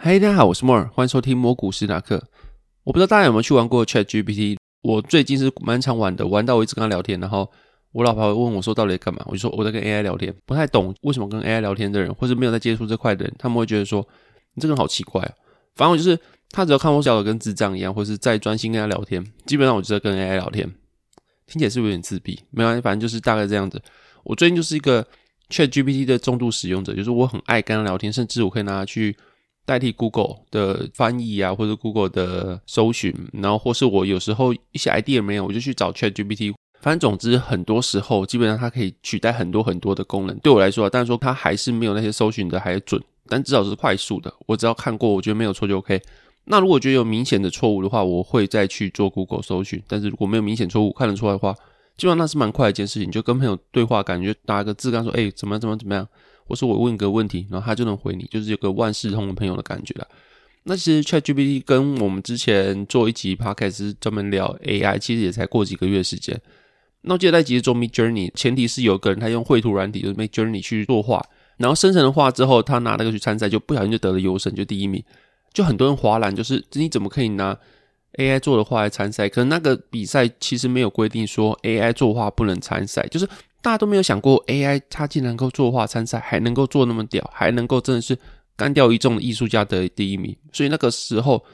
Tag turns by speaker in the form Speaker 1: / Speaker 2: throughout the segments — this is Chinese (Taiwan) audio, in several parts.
Speaker 1: 嗨，hey, 大家好，我是 Moore，歡迎收聽《摩爾史塔克》。我不知道大家有沒有去玩過 Chat GPT？我最近是蠻常玩的，玩到我一直跟他聊天。然後我老婆會問我，說到底在幹嘛？我就說我在跟 AI 聊天。不太懂為什麼跟 AI 聊天的人，或是沒有在接觸這塊的人，他們會覺得說你這個人好奇怪啊。反正我就是他只要看我笑的跟智障一樣，或是再專心跟他聊天，基本上我就在跟 AI 聊天，聽起來是不是有點自閉？沒關係，反正就是大概這樣子。我最近就是一個 Chat GPT 的重度使用者，就是我很愛跟他聊天，甚至我可以拿他去。代替 Google 的翻譯啊，或者 Google 的搜尋，然後或是我有時候一些 idea 沒有，我就去找 ChatGPT。反正總之，很多時候基本上它可以取代很多很多的功能。對我來說啊，但是說它還是沒有那些搜尋的還準，但至少是快速的。我只要看過，我覺得沒有錯就 OK。那如果覺得有明顯的錯誤的話，我會再去做 Google 搜尋。但是如果沒有明顯錯誤看得出來的話，基本上那是蠻快的一件事情。就跟朋友對話，感覺就打個字，剛說哎，怎麼怎麼怎麼樣。或是我，我問一個問題，然後他就能回你，就是有個萬事通的朋友的感覺了。那其實 ChatGPT 跟我們之前做一集 podcast 是專門聊 AI，其實也才過幾個月的時間。那我記得那集是做 Midjourney，前提是有一個人他用繪圖軟體就是 Midjourney 去作畫，然後生成的畫之後，他拿那個去參賽，就不小心就得了優勝，就第一名。就很多人嘩然，就是你怎麼可以拿 AI 做的畫來參賽？可能那個比賽其實沒有規定說 AI 做畫不能參賽，就是。大家都沒有想過，AI 它既能夠作畫參賽，還能夠做那麼屌，還能夠真的是幹掉一眾藝術家得第一名。所以那個時候，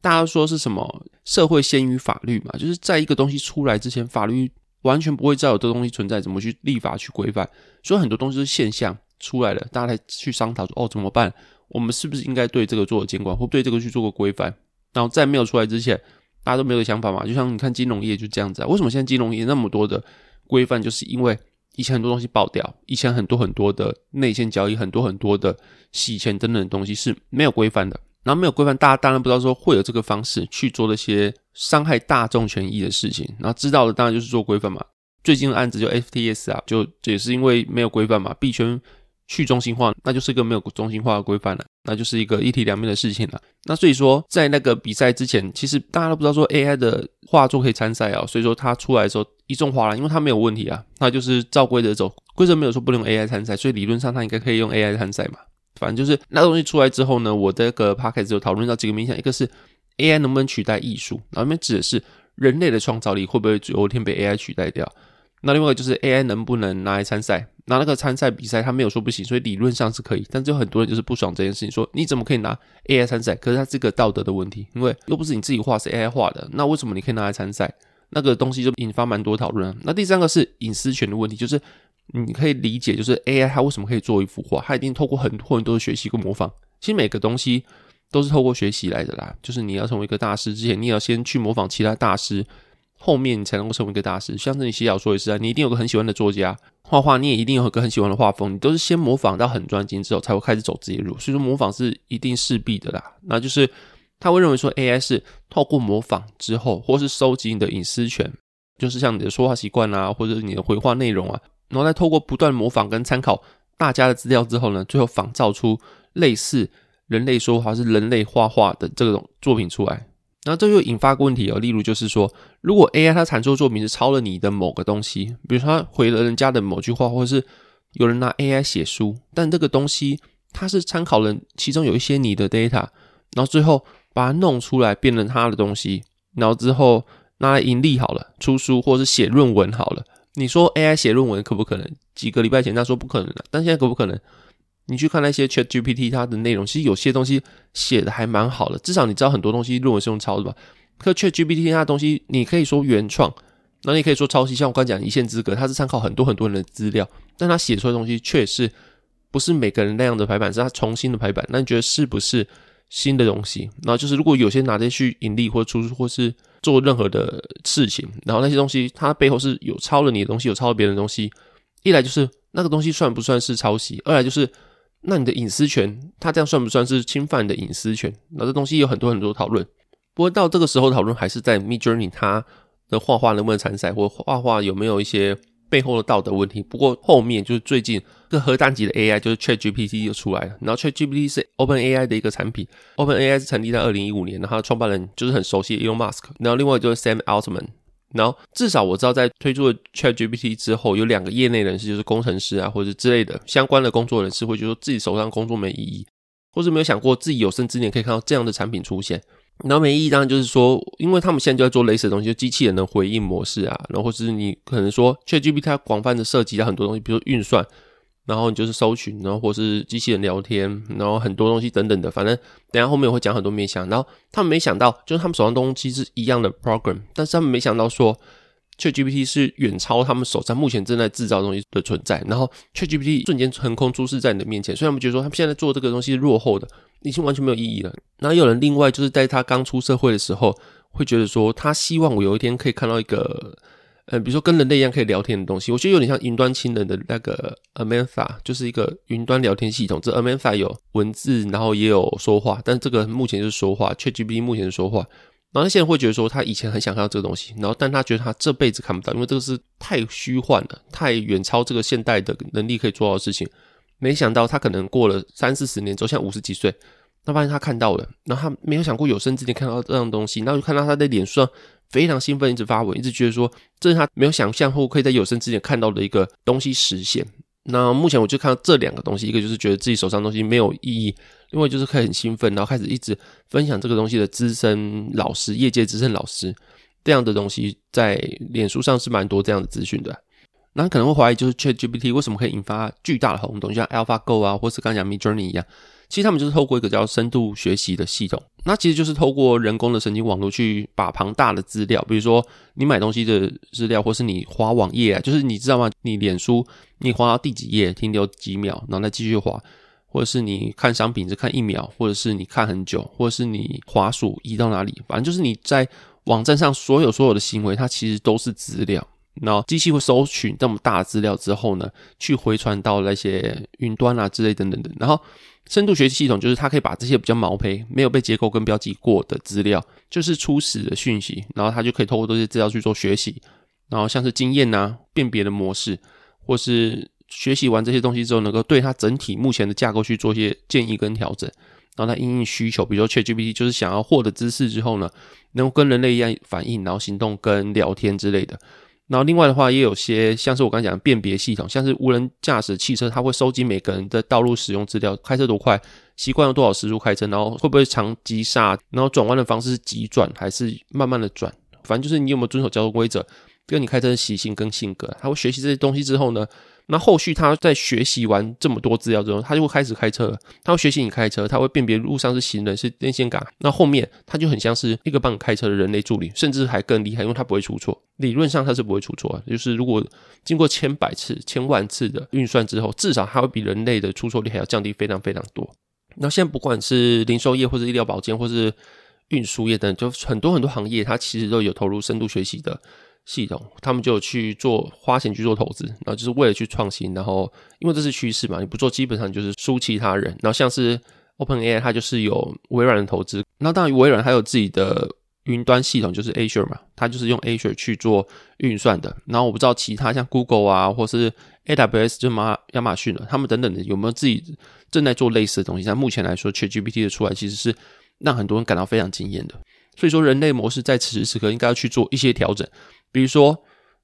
Speaker 1: 大家都說是什麼社會先於法律嘛？就是在一個東西出來之前，法律完全不會知道有這東西存在，怎麼去立法去規範。所以很多東西是現象出來了，大家才去商討說：“哦，怎麼辦？我們是不是應該對這個做監管，或對這個去做個規範？”然後在沒有出來之前，大家都沒有想法嘛。就像你看金融業就這樣子，啊，為什麼現在金融業那麼多的規範，就是因為。以前很多東西爆掉，以前很多很多的內線交易，很多很多的洗錢等等的東西是沒有規範的。然後沒有規範，大家當然不知道說會有這個方式去做這些傷害大眾權益的事情。然後知道的當然就是做規範嘛。最近的案子就 FTS 啊，就這也是因為沒有規範嘛，幣圈。去中心化，那就是一個沒有中心化的規範了，那就是一個一體兩面的事情了、啊。那所以說，在那個比賽之前，其實大家都不知道說 AI 的畫作可以參賽啊。所以說它出來的時候一眾嘩然，因為它沒有問題啊，他就是照規則走，規則沒有說不能用 AI 參賽，所以理論上它應該可以用 AI 參賽嘛。反正就是那個、東西出來之後呢，我這個 podcast 有討論到幾個面向，一個是 AI 能不能取代藝術，然後裡面指的是人類的創造力會不會有一天被 AI 取代掉。那另外就是 AI 能不能拿來參賽？拿那個參賽比賽，他沒有說不行，所以理論上是可以。但是有很多人就是不爽這件事情，說你怎麼可以拿 AI 參賽？可是它這個道德的問題，因為又不是你自己畫，是 AI 畫的，那為什麼你可以拿來參賽？那個東西就引發蠻多討論。那第三個是隱私權的問題，就是你可以理解，就是 AI 它為什麼可以做一幅畫？它一定透過很多很多的學習跟模仿。其實每個東西都是透過學習來的啦。就是你要成為一個大師之前，你也要先去模仿其他大師。後面你才能夠成為一個大師，像是你寫小說也是啊，你一定有個很喜歡的作家，畫畫你也一定有個很喜歡的畫風，你都是先模仿到很專精之後，才會開始走自己的路。所以說模仿是一定勢必的啦。那就是他會認為說 AI 是透過模仿之後，或是收集你的隱私權，就是像你的說話習慣啊，或者是你的回話內容啊，然後再透過不斷模仿跟參考大家的資料之後呢，最後仿造出類似人類說話是人類畫畫的這種作品出來。然後這又引發個問題哦，例如就是說，如果 AI 它產出的作品是抄了你的某個東西，比如說它回了人家的某句話，或者是有人拿 AI 寫書，但這個東西它是參考了其中有一些你的 data，然後最後把它弄出來變成它他的東西，然後之後拿來盈利好了，出書或者是寫論文好了，你說 AI 寫論文可不可能？幾個禮拜前他說不可能的，但現在可不可能？你去看那些 ChatGPT，它的內容其實有些東西寫的還蠻好的，至少你知道很多東西論文是用抄的吧？可 ChatGPT 它的東西，你可以說原創，那你可以說抄襲。像我剛講一線之隔，它是參考很多很多人的資料，但它寫出來的東西確實不是每個人那樣的排版，是它重新的排版。那你覺得是不是新的東西？然後就是如果有些拿這些去盈利或出或是做任何的事情，然後那些東西它背後是有抄了你的東西，有抄別人的東西。一來就是那個東西算不算是抄襲？二來就是。那你的隱私權，他這樣算不算是侵犯你的隱私權？那這東西有很多很多討論。不過到這個時候，討論還是在 Midjourney 他的畫畫能不能參賽，或畫畫有沒有一些背後的道德問題。不過後面就是最近這核彈級的 AI，就是 Chat GPT 就出來了。然後 Chat GPT 是 Open AI 的一個產品，Open AI 是成立在二零一五年，然後他的創辦人就是很熟悉的 Elon Musk，然後另外就是 Sam Altman。然後至少我知道，在推出了 ChatGPT 之後，有兩個業內人士，就是工程師啊，或者之類的相關的工作的人士，會覺得自己手上工作沒意義，或是沒有想過自己有生之年可以看到這樣的產品出現。然後沒意義，當然就是說，因為他們現在就在做類似的東西，就機器人的回應模式啊，然後或者是你可能說 ChatGPT 它廣泛的涉及到很多東西，比如說運算。然後你就是搜尋，然後或是機器人聊天，然後很多東西等等的，反正等一下後面我會講很多面向。然後他們沒想到，就是他們手上的東西是一樣的 program，但是他們沒想到說，ChatGPT 是遠超他們手上目前正在製造的東西的存在。然後 ChatGPT 瞬間橫空出世在你的面前，所以他們覺得說，他們現在在做這個東西是落後的，已經完全沒有意義了。那有人另外就是在他剛出社會的時候，會覺得說，他希望我有一天可以看到一個。呃、嗯，比如說跟人類一樣可以聊天的東西，我覺得有點像雲端情人的那個 Amantha 就是一個雲端聊天系統。這 Amantha 有文字，然後也有說話，但這個目前就是說話，ChatGPT 目前是說話。然後他現在會覺得說，他以前很想看到這個東西，然後但他覺得他這輩子看不到，因為這個是太虛幻了，太遠超這個現代的能力可以做到的事情。沒想到他可能過了三四十年之後，像五十幾歲，他發現他看到了，然後他沒有想過有生之年看到這樣東西，然後就看到他的臉說。非常興奮，一直發文，一直覺得說，這是他沒有想象或可以在有生之年看到的一個東西實現。那目前我就看到這兩個東西，一個就是覺得自己手上的東西沒有意義，另外就是可以很興奮，然後開始一直分享這個東西的資深老師、業界資深老師這樣的東西，在臉書上是蠻多這樣的資訊的。那可能會懷疑，就是 ChatGPT 為什麼可以引發巨大的轟動，就像 AlphaGo 啊，或是剛講 Midjourney 一樣。其實他們就是透過一個叫深度學習的系統，那其實就是透過人工的神經網絡去把龐大的資料，比如說你買東西的資料，或是你滑網頁啊，就是你知道嗎？你臉書你滑到第幾頁停留幾秒，然後再繼續滑。或者是你看商品只看一秒，或者是你看很久，或者是你滑鼠移到哪裡，反正就是你在網站上所有所有的行為，它其實都是資料。然後機器會搜取這麼大的資料之後呢，去回傳到那些雲端啊之類等等的。然後深度學習系統就是它可以把這些比較毛坯、沒有被結構跟標記過的資料，就是初始的訊息，然後它就可以透過這些資料去做學習。然後像是經驗吶、啊、辨別的模式，或是學習完這些東西之後，能夠對它整體目前的架構去做一些建議跟調整。然後它因應用需求，比如說 ChatGPT 就是想要獲得知識之後呢，能夠跟人類一樣反應，然後行動跟聊天之類的。然後另外的話，也有些像是我剛才講的辨別系統，像是無人駕駛汽車，它會收集每個人的道路使用資料，開車多快，習慣用多少時速開車，然後會不會常急剎，然後轉彎的方式是急轉還是慢慢的轉，反正就是你有沒有遵守交通規則，跟你開車的習性跟性格，它會學習這些東西之後呢？那後，後續他在學習完這麼多資料之後，他就會開始開車了。他會學習你開車，他會辨別路上是行人、是電線桿。那後面他就很像是一個幫你開車的人類助理，甚至還更厲害，因為他不會出錯。理論上他是不會出錯，就是如果經過千百次、千萬次的運算之後，至少他會比人類的出錯率還要降低非常非常多。那現在不管是零售業或是醫療保健，或是運輸業等等，就很多很多行業，它其實都有投入深度學習的。系統，他們就去做花錢去做投資，然後就是為了去創新。然後，因為這是趨勢嘛，你不做基本上就是輸其他人。然後，像是 OpenAI 它就是有微軟的投資，那當然微軟它有自己的雲端系統就是 Azure 嘛，它就是用 Azure 去做運算的。然後我不知道其他像 Google 啊，或是 AWS 就是亞馬亞馬遜的，他們等等的有沒有自己正在做類似的東西？但目前來說，ChatGPT 的出來其實是讓很多人感到非常驚艷的。所以說，人類模式在此時此刻應該要去做一些調整。比如說，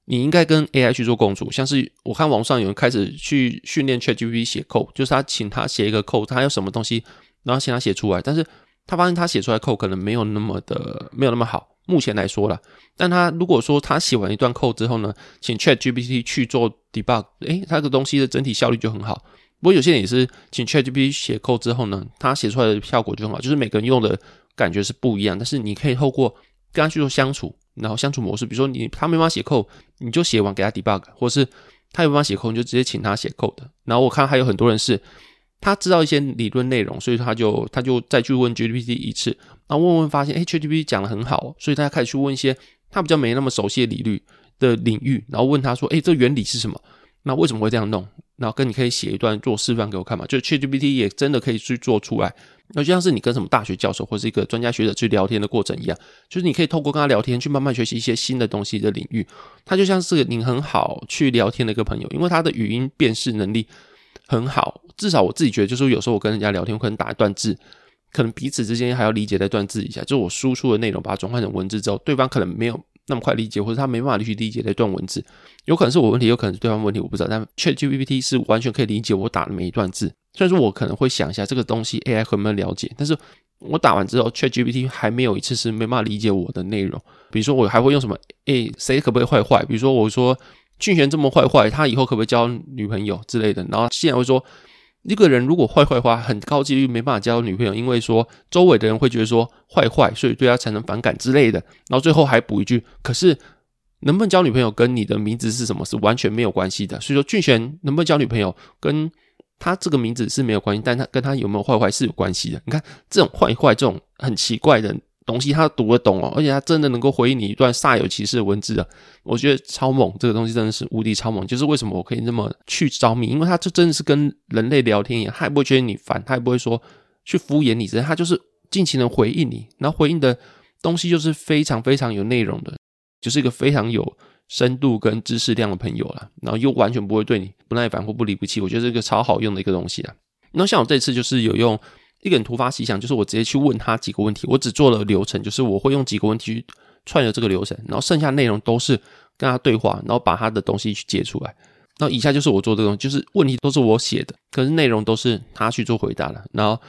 Speaker 1: 你應該跟 AI 去做共處。像是我看網上有人開始去訓練 ChatGPT 寫 code，就是他請他寫一個 code，他要什麼東西，然後請他寫出來。但是他發現他寫出來 code 可能沒有那麼的沒有那麼好，目前來說啦。但他如果說他寫完一段 code 之後呢，請 ChatGPT 去做 debug，哎，他這個東西的整體效率就很好。不過有些人也是請 ChatGPT 寫 code 之後呢，他寫出來的效果就很好，就是每個人用的感覺是不一樣。但是你可以透過。跟他去做相處，然後相處模式，比如說你他沒辦法寫 code，你就寫完給他 debug，或者是他有辦法寫 code，你就直接請他寫 code。然後我看還有很多人是，他知道一些理論內容，所以他就他就再去問 GPT 一次，然後問問發現，哎 GPT 講的很好，所以他開始去問一些他比較沒那麼熟悉的理論的領域，然後問他說，哎、欸，這原理是什麼？那為什麼會這樣弄？然後跟你可以寫一段做示範給我看嘛，就 ChatGPT 也真的可以去做出來。那就像是你跟什麼大學教授或是一個專家學者去聊天的過程一樣，就是你可以透過跟他聊天去慢慢學習一些新的東西的領域。他就像是你很好去聊天的一個朋友，因為他的語音辨識能力很好，至少我自己覺得，就是有時候我跟人家聊天，我可能打斷字，可能彼此之間還要理解再斷字一下，就是我輸出的內容把它轉換成文字之後，對方可能沒有。那麼快理解，或者他沒辦法去理解那段文字，有可能是我問題，有可能是對方問題，我不知道。但 ChatGPT 是完全可以理解我打的每一段字。雖然說我可能會想一下這個東西 AI 能、欸、不能了解，但是我打完之後，ChatGPT 還沒有一次是沒辦法理解我的內容。比如說我還會用什麼，哎、欸，誰可不可以壞壞？比如說我說俊賢這麼壞壞，他以後可不可以交女朋友之類的？然後現在會說。一個人如果壞壞話，很高幾率沒辦法交女朋友，因為說周圍的人會覺得說壞壞，所以對他產生反感之類的。然後最後還補一句，可是能不能交女朋友跟你的名字是什麼是完全沒有關係的。所以說，俊賢能不能交女朋友跟他這個名字是沒有關係，但他跟他有沒有壞壞是有關係的。你看這種壞壞這種很奇怪的。東西他讀得懂哦，而且他真的能夠回應你一段煞有其事的文字啊，我覺得超猛，這個東西真的是無敵超猛。就是為什麼我可以那麼去着迷，因為他這真的是跟人類聊天一樣，他也不會覺得你煩，他也不會說去敷衍你，直接他就是盡情的回應你，然後回應的東西就是非常非常有內容的，就是一個非常有深度跟知識量的朋友了，然後又完全不會對你不耐煩或不離不棄，我覺得是一個超好用的一個東西啊。那像我這次就是有用。一個人突發奇想，就是我直接去問他幾個問題，我只做了流程，就是我會用幾個問題去串着這個流程，然後剩下內容都是跟他對話，然後把他的東西去解出來。那以下就是我做這東西，就是問題都是我寫的，可是內容都是他去做回答了。然後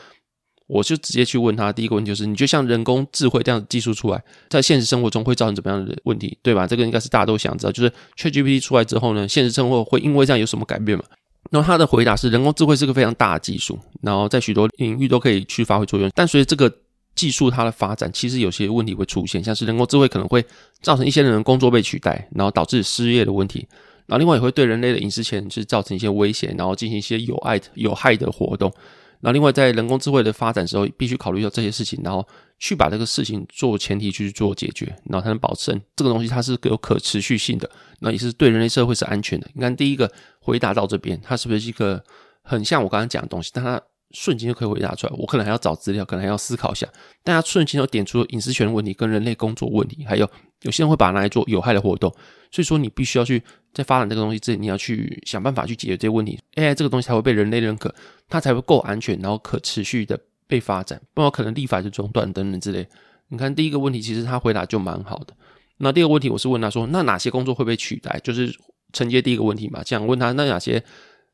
Speaker 1: 我就直接去問他，第一個問題就是，你就像人工智慧這樣的技術出來，在現實生活中會造成怎麼樣的問題，對吧？這個應該是大家都想知道，就是 ChatGPT 出來之後呢，現實生活會因為這樣有什麼改變嗎？那他的回答是：人工智慧是個非常大的技術，然後在許多領域都可以去發揮作用。但隨着這個技術它的發展，其實有些問題會出現，像是人工智慧可能會造成一些人工作被取代，然後導致失業的問題。然後另外也會對人類的隱私權去造成一些威脅，然後進行一些有礙有害的活動。然後另外在人工智慧的發展時候，必須考慮到這些事情。然後。去把這個事情做前提去做解決，然後才能保證這個東西它是有可持續性的，那也是對人類社會是安全的。你看第一個回答到這邊，它是不是一個很像我剛剛講的東西？但它瞬間就可以回答出來，我可能還要找資料，可能還要思考一下。但它瞬間又點出了隱私權問題、跟人類工作問題，還有有些人會把它拿來做有害的活動。所以說，你必須要去在發展這個東西之前，你要去想辦法去解決這些問題，AI 這個東西才會被人類認可，它才會夠安全，然後可持續的，被發展，不然可能立法就中斷等等之類。你看第一個問題，其實他回答就蠻好的。那第二個問題，我是問他說，那哪些工作會被取代？就是承接第一個問題嘛，這樣問他，那哪些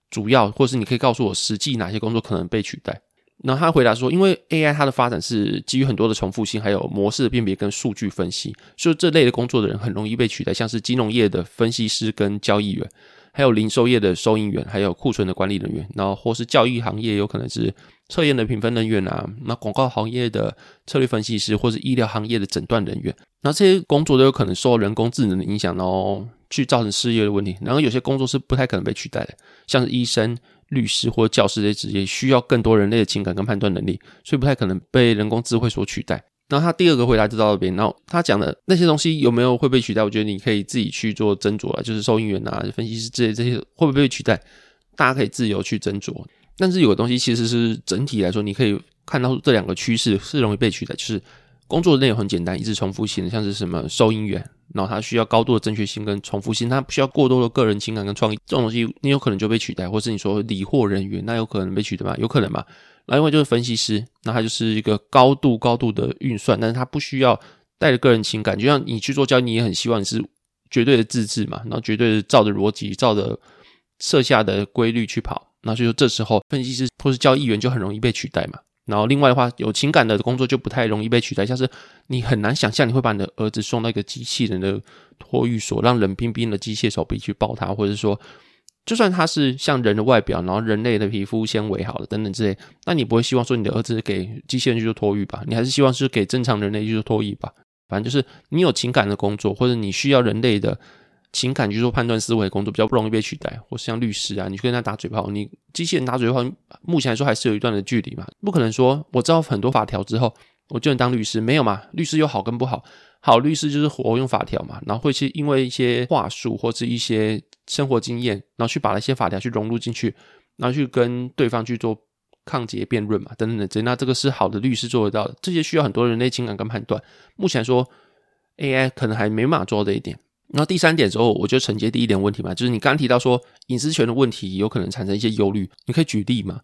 Speaker 1: 主要，或是你可以告訴我實際哪些工作可能被取代？然後他回答說，因為 AI 它的發展是基於很多的重複性，還有模式的辨別跟數據分析，所以這類的工作的人很容易被取代，像是金融業的分析師跟交易員。還有零售業的收銀員，還有庫存的管理人員，然後或是教育行業有可能是測驗的評分人員啊，那廣告行業的策略分析師，或是醫療行業的診斷人員，然後這些工作都有可能受到人工智能的影響，然後去造成失業的問題。然後有些工作是不太可能被取代的，像是醫生、律師或教師，這些職業需要更多人類的情感跟判斷能力，所以不太可能被人工智慧所取代。然後他第二個回答就到這邊，然後他講的那些東西有沒有會被取代？我覺得你可以自己去做斟酌了，就是收銀員啊、分析師之類這些會不會被取代，大家可以自由去斟酌。但是有的東西其實是整體來說，你可以看到這兩個趨勢是容易被取代，就是工作內容很簡單、一直重複性，像是什麼收銀員，然後他需要高度的正確性跟重複性，他不需要過多的個人情感跟創意，這種東西你有可能就被取代，或是你說理貨人員，那有可能被取代嗎？有可能嘛。另外就是分析師，那他就是一個高度高度的運算，但是他不需要帶着個人情感，就像你去做交易，你也很希望你是絕對的自制嘛，然後絕對的照着邏輯、照着設下的規律去跑。那所以說，這時候分析師或是交易員就很容易被取代嘛。然後另外的話，有情感的工作就不太容易被取代，像是你很難想象你會把你的兒子送到一個機器人的托育所，讓冷冰冰的機械手臂去抱他，或者是說。就算它是像人的外表，然後人類的皮膚纖維好了等等之類，那你不會希望說你的兒子給機器人去做托育吧？你還是希望是給正常人類去做托育吧？反正就是你有情感的工作，或者你需要人類的情感去做、就是、判斷思維的工作，比較不容易被取代。或是像律師啊，你去跟他打嘴炮，你機器人打嘴炮，目前來說還是有一段的距離嘛，不可能說我知道很多法條之後，我就能當律師，沒有嘛？律師有好跟不好。好律師就是活用法條嘛，然後會去因為一些話術或是一些生活經驗，然後去把那些法條去融入進去，然後去跟對方去做抗節辯論嘛，等等等等。那這個是好的律師做得到的，這些需要很多人類情感跟判斷。目前說 AI 可能還沒辦法做到這一點。然後第三點之後，我就承接第一點問題嘛，就是你剛剛提到說隱私權的問題，有可能產生一些憂慮，你可以舉例嘛。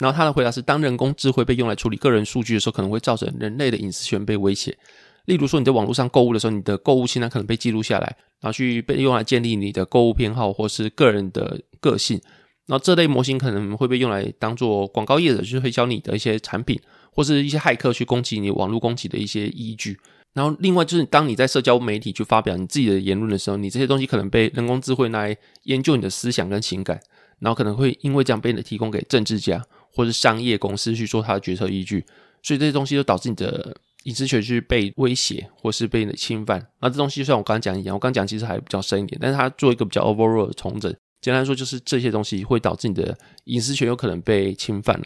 Speaker 1: 然後他的回答是，當人工智慧被用來處理個人數據的時候，可能會造成人類的隱私權被威脅。例如說你在網絡上購物的時候，你的購物清單可能被記錄下來，然後去被用來建立你的購物偏好或是個人的個性。然後這類模型可能會被用來當做廣告業者去推銷你的一些產品，或是一些駭客去攻擊你網絡攻擊的一些依據。然後另外就是當你在社交媒體去發表你自己的言論的時候，你這些東西可能被人工智慧來研究你的思想跟情感，然後可能會因為這樣被你提供給政治家或是商業公司去做他的決策依據。所以這些東西就導致你的。隱私權去被威脅或是被侵犯，那這東西就像我剛剛講一樣，我剛講其實還比較深一點，但是他做一個比較 overall 的重整，簡單來說就是這些東西會導致你的隱私權有可能被侵犯了，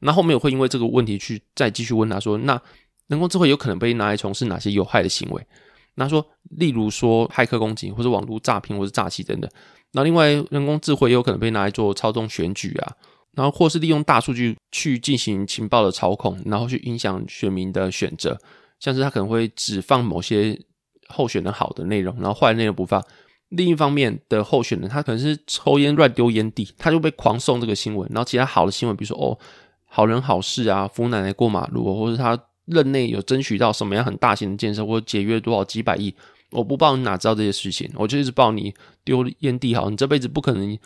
Speaker 1: 那後面我會因為這個問題去再繼續問他說，那人工智慧有可能被拿來從事哪些有害的行為？那說例如說駭客攻擊或者網絡詐騙或是詐欺等等，那另外人工智慧也有可能被拿來做操縱選舉啊。然後，或是利用大數據去進行情報的操控，然後去影響選民的選擇。像是他可能會只放某些候選的好的內容，然後壞內容不放。另一方面的候選人，他可能是抽菸亂丟菸蒂，他就被狂送這個新聞。然後其他好的新聞，比如說，哦，好人好事啊，扶奶奶過馬路，或者他任內有爭取到什麼樣很大型的建設，或節約多少幾百億，我不報你哪知道這些事情？我就一直報你丟菸蒂，好，你這輩子不可能。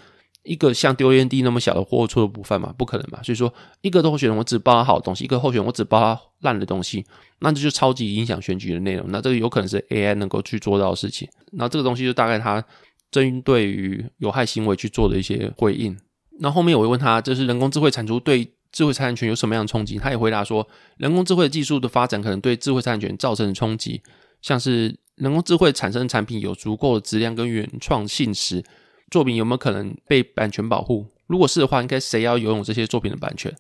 Speaker 1: 一個像丟煙蒂那麼小的過錯都不犯嘛？不可能嘛！所以說，一個候選人我只報好的東西，一個候選人我只報爛的東西，那這就超級影響選舉的內容。那這個有可能是 AI 能夠去做到的事情。那這個東西就大概它針對於有害行為去做的一些回應。那後,後面我會問他，這、就是人工智慧產出對智慧產權有什麼樣的衝擊？他也回答說，人工智慧的技術的發展可能對智慧產權造成的衝擊，像是人工智慧產生的產品有足夠的質量跟原創性時。作品有沒有可能被版權保護？如果是的話，應該誰要擁有這些作品的版權？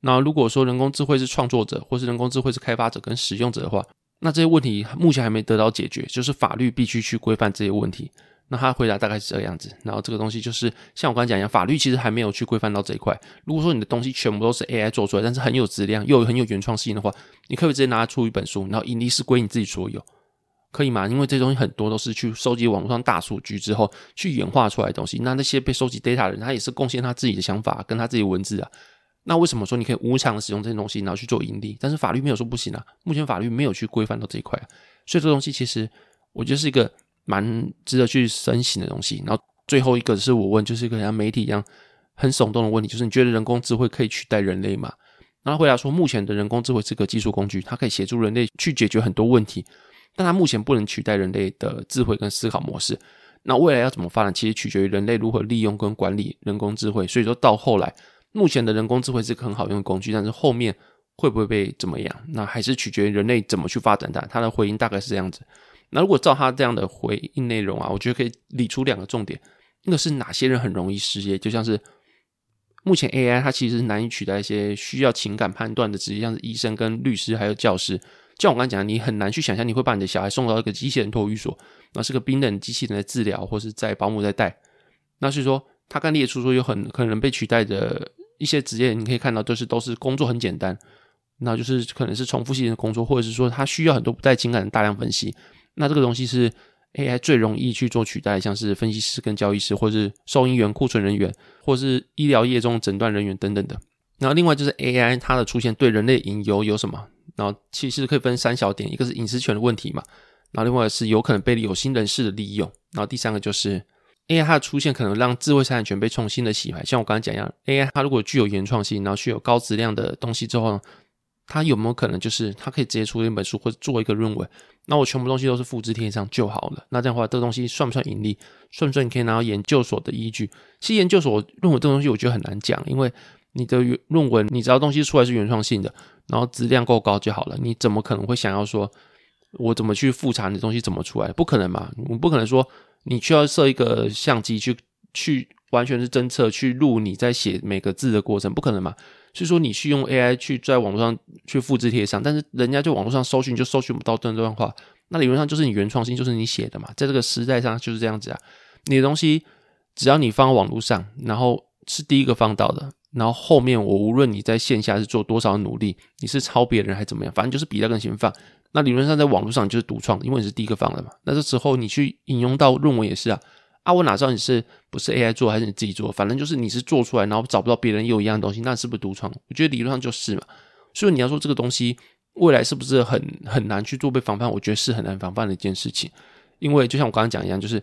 Speaker 1: 那如果說人工智慧是創作者，或是人工智慧是開發者跟使用者的話，那這些問題目前還沒得到解決，就是法律必須去規範這些問題。那他回答大概是這個樣子。然後這個東西就是像我剛才講一樣，法律其實還沒有去規範到這一塊。如果說你的東西全部都是 AI 做出來，但是很有質量又很有原創性的話，你可，可以直接拿出一本書，然後盈利是歸你自己所有。可以嗎？因為這東西很多都是去收集網絡上大數據之後去演化出來的東西。那那些被收集 data 的人，他也是貢獻他自己的想法跟他自己文字啊。那為什麼說你可以無償使用這些東西，然後去做盈利？但是法律沒有說不行啊。目前法律沒有去規範到這一塊，所以這東西其實我覺得是一個蠻值得去深省的東西。然後最後一個是我問，就是一個像媒體一樣很聳動的問題，就是你覺得人工智慧可以取代人類嗎？然後回答說，目前的人工智慧是個技術工具，它可以協助人類去解決很多問題。但它目前不能取代人類的智慧，跟思考模式。那未來要怎麼發展，其實取決於人類如何利用跟管理人工智慧。所以說到後來，目前的人工智慧是個很好用的工具，但是後面會不會被怎麼樣，那還是取決於人類怎麼去發展它。它的回應大概是這樣子。那如果照他這樣的回應內容啊，我覺得可以理出兩個重點。一個是哪些人很容易失業，就像是目前 AI 它其實是難以取代一些需要情感判斷的職業，像是醫生跟律師還有教師。就像我剛才講，你很難去想象你會把你的小孩送到一個機器人托育所，那是個冰冷的機器人在治療，或是在保姆在帶。那所以說他剛列出說有很可能被取代的一些職業，你可以看到都是都是工作很簡單，那就是可能是重複性的工作，或者是說他需要很多不帶情感的大量分析。那這個東西是 AI 最容易去做取代，像是分析師跟交易師，或是收銀員、庫存人員，或是醫療業中診斷人員等等的。然後另外就是 AI 它的出現對人類的隱憂有,有什麼？然後其實可以分三小點，一個是隱私權的問題嘛，然後另外是有可能被有心人士的利用，然後第三個就是 AI 它的出現可能讓智慧財產權被重新的洗牌。像我剛才講一樣，AI 它如果具有原創性，然後具有高質量的東西之後呢，它有沒有可能就是它可以直接出一本書或者做一個論文？那我全部東西都是複製貼上就好了，那這樣的話，這個東西算不算盈利？算不算你可以拿到研究所的依據？其實研究所論文這個東西我覺得很難講，因為你的論文你只要東西出來是原創性的。然後質量夠高就好了，你怎麼可能會想要說，我怎麼去複查你的東西怎麼出來？不可能嘛，我們不可能說你需要設一個相機去去完全是偵測去錄你在寫每個字的過程，不可能嘛。所以說你去用 AI 去在網絡上去複製貼上，但是人家就網絡上搜尋就搜尋不到這段段話，那理論上就是你原創性就是你寫的嘛。在這個時代上就是這樣子啊，你的東西只要你放到網絡上，然後是第一個放到的。然後後面，我無論你在線下是做多少努力，你是抄別人還是怎麼樣，反正就是比較更先放。那理論上，在網絡上就是獨創，因為你是第一個放的嘛。那這時候你去引用到論文也是啊，啊，我哪知道你是不是 AI 做還是你自己做？反正就是你是做出來，然後找不到別人又有一樣的東西，那是不是獨創？我覺得理論上就是嘛。所以你要說這個東西未來是不是很很難去做被防範？我覺得是很難防範的一件事情，因為就像我剛剛講一樣，就是。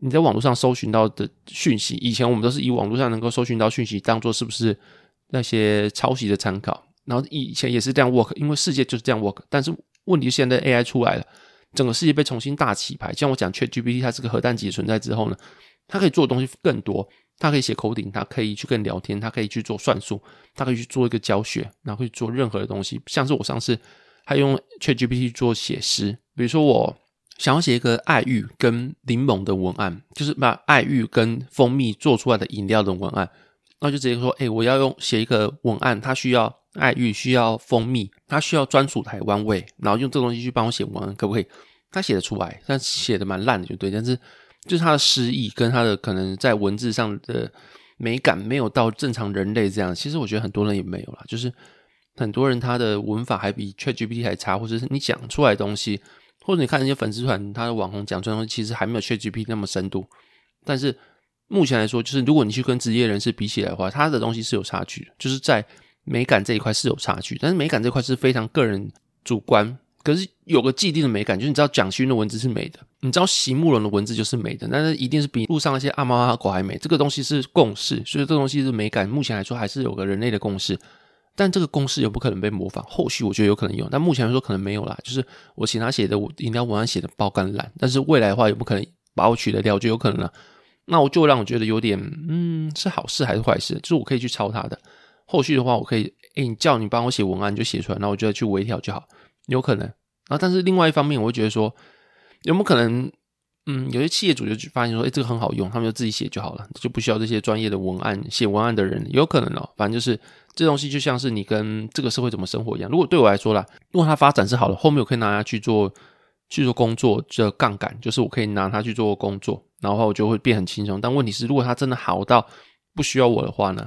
Speaker 1: 你在網絡上搜尋到的訊息，以前我們都是以網絡上能夠搜尋到訊息當做是不是那些抄襲的參考，然後以前也是這樣 work，因為世界就是這樣 work。但是問題是現在 AI 出來了，整個世界被重新大洗牌。像我講 ChatGPT 它是個核彈級的存在之後呢，它可以做的東西更多，它可以寫 code，它可以去跟你聊天，它可以去做算術，它可以去做一個教學，然後去做任何的東西。像是我上次還用 ChatGPT 做寫詩，比如說我。想要寫一個愛玉跟檸檬的文案，就是把愛玉跟蜂蜜做出來的飲料的文案，那就直接說：“哎、欸，我要用寫一個文案，它需要愛玉，需要蜂蜜，它需要專屬台灣味，然後用這個東西去幫我寫文案，可不可以？”他寫得出來，但寫的蠻爛的，就對。但是就是他的詩意跟他的可能在文字上的美感，沒有到正常人類這樣。其實我覺得很多人也沒有啦，就是很多人他的文法還比 ChatGPT 還差，或者是你講出來的東西。或者你看那些粉絲團，他的網紅講出來的東西，其實還沒有 ChatGPT 那麼深度。但是目前來說，就是如果你去跟職業人士比起來的話，他的東西是有差距的，就是在美感這一塊是有差距。但是美感這塊是非常個人主觀，可是有個既定的美感，就是你知道蔣勳的文字是美的，你知道席慕蓉的文字就是美的，但是一定是比路上那些阿貓阿狗還美。這個東西是共識，所以這東西是美感。目前來說還是有個人類的共識。但這個公式也不可能被模仿。後續我覺得有可能用，但目前來說可能沒有啦。就是我其他寫的，我飲料文案寫的包幹爛，但是未來的話，也不可能把我取代掉，就有可能了。那我就讓我覺得有點，嗯，是好事還是壞事？就是我可以去抄他的。後續的話，我可以，欸、你叫你幫我寫文案，就寫出來，然後我就要去微調就好，有可能。然後，但是另外一方面，我會覺得說，有沒有可能，嗯，有些企業主就，就發現說，誒、欸、這個很好用，他們就自己寫就好了，就不需要這些專業的文案寫文案的人，有可能哦、喔。反正就是。這東西就像是你跟這個社會怎麼生活一樣。如果對我來說啦，如果它發展是好的，後面我可以拿它去做去做工作，這槓桿就是我可以拿它去做工作，然後我就會變很輕鬆。但問題是，如果它真的好到不需要我的話呢？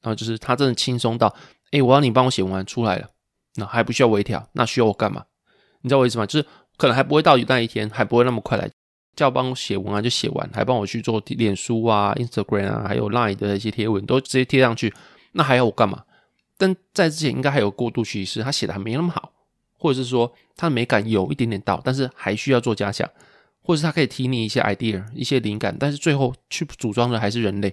Speaker 1: 然後就是它真的輕鬆到，誒、欸，我要你幫我寫文案出來了，那還不需要微調，那需要我幹嘛？你知道我意思嗎？就是可能還不會到那一天，還不會那麼快來，叫我幫我寫文啊，就寫完，還幫我去做臉書啊、Instagram 啊，還有 Line 的一些貼文都直接貼上去，那還要我幹嘛？但在之前應該還有過渡期是，他寫的還沒那麼好，或者是說他的美感有一點點到，但是還需要做加強，或者是他可以提你一些 idea、一些靈感，但是最後去組裝的還是人類。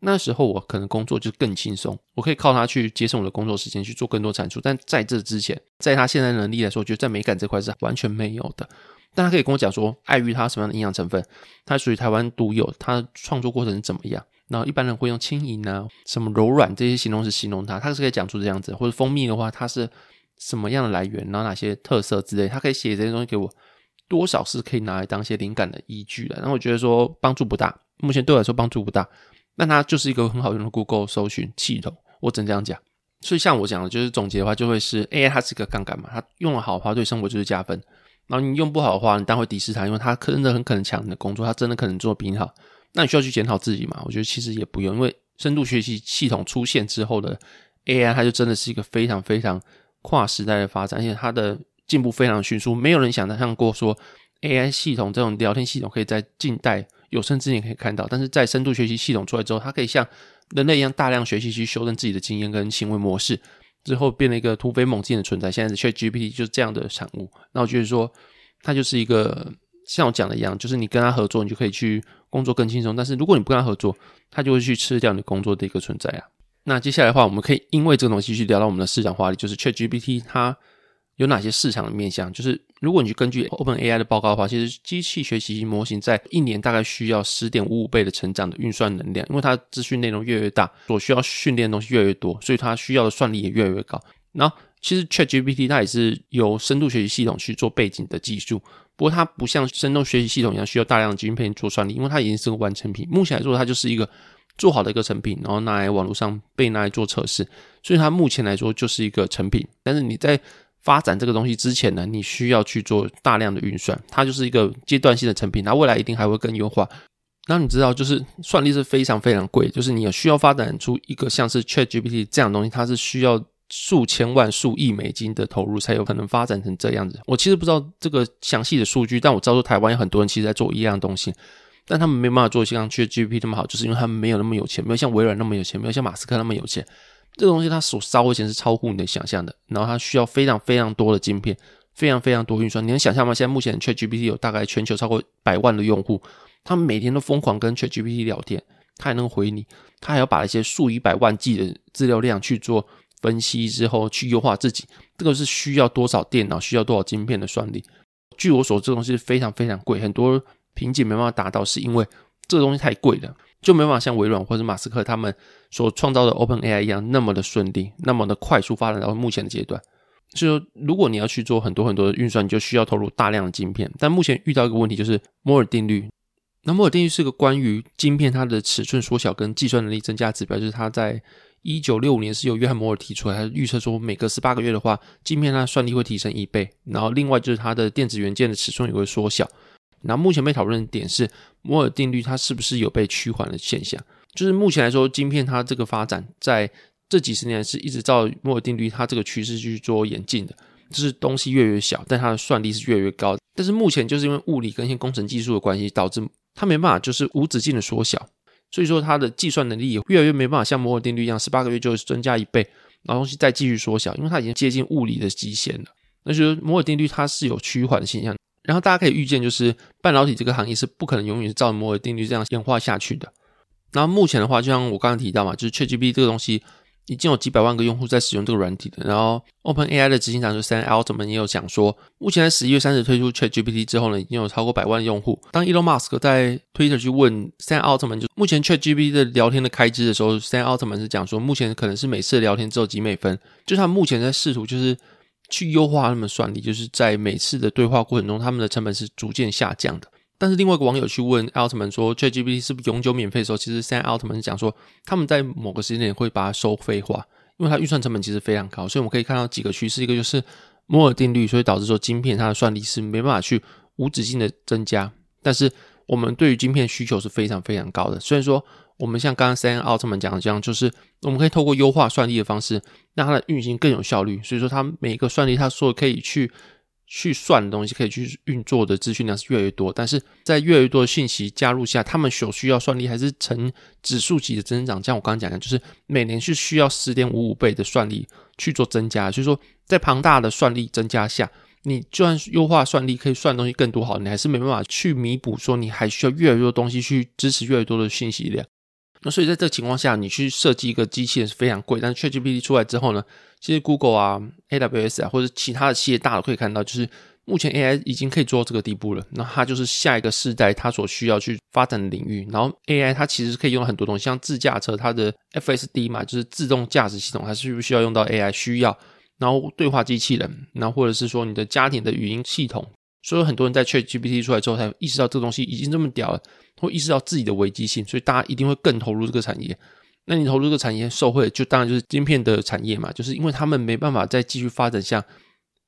Speaker 1: 那時候我可能工作就更輕鬆，我可以靠他去節省我的工作時間，去做更多產出。但在這之前，在他現在能力來說，我覺得在美感這塊是完全沒有的。但他可以跟我講說，礙於他什麼樣的營養成分，他屬於台灣獨有，他創作過程是怎麼樣？然後一般人會用輕盈啊，什麼柔軟這些形容詞形容它，它是可以講出這樣子。或者蜂蜜的話，它是什麼樣的來源，然後哪些特色之類，它可以寫這些東西給我，多少是可以拿來當些靈感的依據的。然後我覺得說幫助不大，目前對我來說幫助不大。那它就是一個很好用的 Google 搜尋系統，我只能這樣講。所以像我講的，就是總結的話，就會是 AI 它是一個槓桿嘛，它用了好的話對生活就是加分。然後你用不好的話，你當然會敵視它，因為它真的很可能搶你的工作，它真的可能做的比你好。那你需要去檢討自己嘛？我覺得其實也不用，因為深度學習系統出現之後的 AI，它就真的是一個非常非常跨時代的發展，而且它的進步非常迅速。沒有人想像過說 AI 系統這種聊天系統可以在近代有生之年可以看到，但是在深度學習系統出來之後，它可以像人類一樣大量學習，去修正自己的經驗跟行為模式，之後變了一個突飛猛進的存在。現在的 ChatGPT 就是這樣的產物。那我覺得說它就是一個像我講的一樣，就是你跟他合作，你就可以去。工作更輕鬆，但是如果你不跟他合作，他就會去吃掉你工作的一個存在啊。那接下來的話，我們可以因為這個東西去聊到我們的市場話題，就是 ChatGPT 它有哪些市場的面向？就是如果你去根據 OpenAI 的報告的話，其實機器學習模型在一年大概需要十點五五倍的成長的運算能量，因為它資訊內容越來越大，所需要訓練的東西越來越多，所以它需要的算力也越來越高。然後其實 ChatGPT 它也是由深度學習系統去做背景的技術，不過它不像深度學習系統一樣需要大量的 GPU 做算力，因為它已經是個完成品。目前來說，它就是一個做好的一個成品，然後拿來網絡上被拿來做測試，所以它目前來說就是一個成品。但是你在發展這個東西之前呢，你需要去做大量的運算，它就是一個階段性的成品。它未來一定還會更優化。那你知道，就是算力是非常非常貴，就是你有需要發展出一個像是 ChatGPT 這樣的東西，它是需要。數千萬、數億美金的投入才有可能發展成這樣子。我其實不知道這個詳細的數據，但我知道說台灣有很多人其實在做一樣的東西，但他們沒辦法做像 ChatGPT 這麼好，就是因為他們沒有那麼有錢，沒有像微軟那麼有錢，沒有像馬斯克那麼有錢。這個東西它所燒的錢是超乎你的想象的，然後它需要非常非常多的晶片，非常非常多運算。你能想象嗎？現在目前 ChatGPT 有大概全球超過百萬的用戶，他們每天都瘋狂跟 ChatGPT 聊天，他還能回你，他還要把一些數以百萬計的資料量去做。分析之後去優化自己，這個是需要多少電腦、需要多少晶片的算力。據我所知，這東西非常非常貴，很多瓶頸沒辦法達到，是因為這個東西太貴了，就沒辦法像微軟或者馬斯克他們所創造的 OpenAI 一樣那麼的順利、那麼的快速發展到目前的階段。所以說，如果你要去做很多很多的運算，你就需要投入大量的晶片。但目前遇到一個問題就是摩爾定律。那摩爾定律是個關於晶片它的尺寸縮小跟計算能力增加的指標，就是它在。一九六五年是由約翰·摩爾提出來，他預測說，每隔十八個月的話，晶片它的算力會提升一倍。然後另外就是它的電子元件的尺寸也會縮小。那目前被討論的點是，摩爾定律它是不是有被趨緩的現象？就是目前來說，晶片它這個發展在這幾十年是一直照摩爾定律它這個趨勢去做演進的，就是東西越來越小，但它的算力是越來越高。但是目前就是因為物理跟一些工程技術的關係，導致它沒辦法就是無止境的縮小。所以說，它的計算能力也越來越沒辦法像摩爾定律一樣，十八個月就增加一倍，然後東西再繼續縮小，因為它已經接近物理的極限了。那就是摩爾定律它是有趨緩的現象，然後大家可以預見，就是半導體這個行業是不可能永遠照摩爾定律這樣演化下去的。然後目前的話，就像我剛剛提到嘛，就是 Chiplet 這個東西。已經有幾百萬個用戶在使用這個軟體的。然後，OpenAI 的執行長就 Sam Altman 也有講說，目前在十一月三十推出 ChatGPT 之後呢，已經有超過百萬的用戶。當 Elon Musk 在 Twitter 去問 Sam Altman 就目前 ChatGPT 的聊天的開支的時候，Sam Altman 是講說，目前可能是每次聊天只有幾美分，就是他目前在試圖就是去優化他們算力，就是在每次的對話過程中，他們的成本是逐漸下降的。但是另外一個網友去問 Altman 說 ChatGPT 是不是永久免費的時候，其實 Sam Altman 講說他們在某個時間點會把它收費化，因為它預算成本其實非常高。所以我們可以看到幾個趨勢，一個就是摩爾定律，所以導致說晶片，它的算力是沒辦法去無止境的增加。但是我們對於晶片的需求是非常非常高的，雖然說我們像剛剛 Sam Altman 講的這樣，就是我們可以透過優化算力的方式，讓它的運行更有效率。所以說它每一個算力，它說可以去。去算的東西可以去運作的資訊量是越來越多，但是在越來越多的信息加入下，他們所需要算力還是呈指數級的增長。像我剛剛講的，就是每年是需要十點五五倍的算力去做增加的。所以說，在龐大的算力增加下，你就算優化算力，可以算的東西更多好，你還是沒辦法去彌補說你還需要越來越多東西去支持越來越多的信息量。那所以在這個情況下，你去設計一個機器人是非常貴。但是 ChatGPT 出來之後呢，其實 Google 啊、AWS 啊，或者其他的企業大的可以看到，就是目前 AI 已經可以做到這個地步了。那它就是下一個世代，它所需要去發展的領域。然後 AI 它其實是可以用很多東西，像自駕車它的 FSD 嘛，就是自動駕駛系統，它需不需要用到 AI？需要。然後對話機器人，然後或者是說你的家庭的語音系統。所以很多人在 ChatGPT 出來之後，才意識到這個東西已經這麼屌了，會意識到自己的危機性，所以大家一定會更投入這個產業。那你投入這個產業，受惠就當然就是晶片的產業嘛，就是因為他們沒辦法再繼續發展像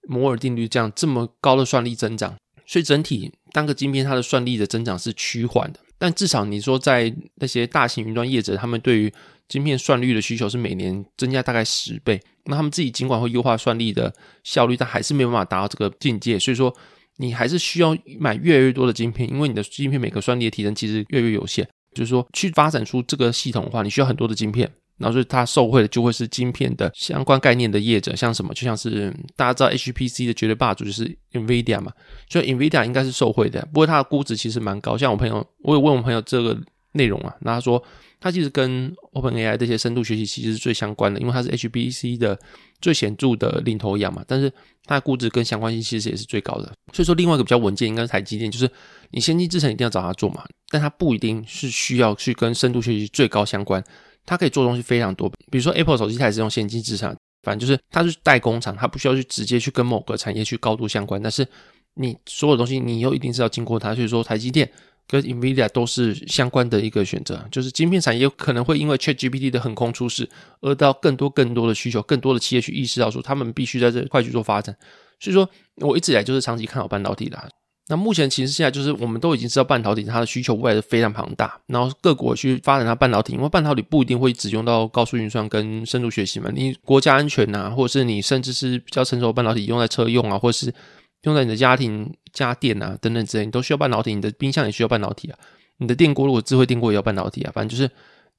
Speaker 1: 摩爾定律這樣這麼高的算力增長，所以整體單個晶片它的算力的增長是趨緩的。但至少你說在那些大型雲端業者，他們對於晶片算力的需求是每年增加大概十倍，那他們自己儘管會優化算力的效率，但還是沒有辦法達到這個境界，所以說。你還是需要買越來越多的晶片，因為你的晶片每個算力的提升其實越來越有限。就是說，去發展出這個系統的話，你需要很多的晶片，然後所以它受惠的就會是晶片的相關概念的業者，像什麼，就像是大家知道 HPC 的絕對霸主就是 NVIDIA 嘛，所以 NVIDIA 應該是受惠的。不過它的估值其實蠻高，像我朋友，我有問我朋友這個內容啊，那他說。它其實跟 OpenAI 這些深度學習其實是最相關的，因為它是 HBC 的最顯著的領頭羊嘛。但是它的估值跟相關性其實也是最高的。所以說另外一個比較穩健應該是台積電，就是你先進製程一定要找它做嘛。但它不一定是需要去跟深度學習最高相關，它可以做東西非常多。比如說 Apple 手機它也是用先進製程，反正就是它是代工廠，它不需要去直接去跟某個產業去高度相關。但是你所有東西你又一定是要經過它，所以說台積電。跟 Nvidia 都是相關的一個選擇，就是晶片產業可能會因為 ChatGPT 的橫空出世，而到更多更多的需求，更多的企業去意識到說，他們必須在這塊去做發展。所以說，我一直以來就是長期看好半導體的，啊。那目前其實現在就是我們都已經知道半導體它的需求未來是非常龐大，然後各國去發展它半導體，因為半導體不一定會只用到高速運算跟深度學習嘛，你國家安全啊，或者是你甚至是比較成熟的半導體用在車用啊，或者是。用在你的家庭家電啊等等之類，你都需要半導體。你的冰箱也需要半導體啊。你的電鍋如果智慧電鍋也要半導體啊。反正就是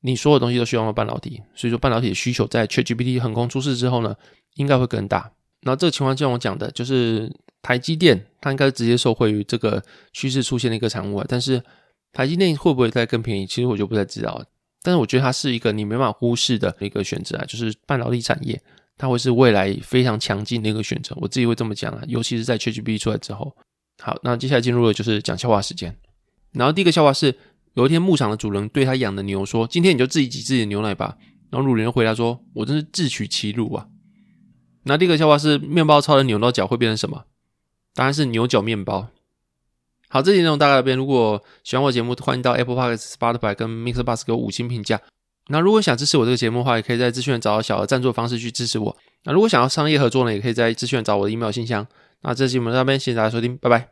Speaker 1: 你所有東西都需要用到半導體。所以說半導體的需求在 ChatGPT 橫空出世之後呢，應該會更大。然後這個情況就像我講的，就是台積電它應該是直接受惠於這個趨勢出現的一個產物啊，但是台積電會不會再更便宜，其實我就不太知道了。但是我覺得它是一個你沒辦法忽視的一個選擇啊，就是半導體產業。它會是未來非常強勁的一個選擇，我自己會這麼講啊，尤其是在 ChatGPT 出來之後，好，那接下來進入的就是講笑話時間。然後第一個笑話是，有一天牧場的主人對他養的牛說：“今天你就自己擠自己的牛奶吧。”然後乳牛回答說：“我真是自取其辱啊。”那第一個笑話是，麵包超人扭到腳會變成什麼？當然是牛角麵包。好，這裡內容大概變。如果喜歡我的節目，歡迎到 Apple Podcast Spotify 跟 MixerBox 給我五星評價。那如果想支持我這個節目的話，也可以在資訊找小額贊助方式去支持我。那如果想要商業合作呢，也可以在資訊找我的 email 信箱。那這期我們到這邊，謝謝大家收聽，拜拜。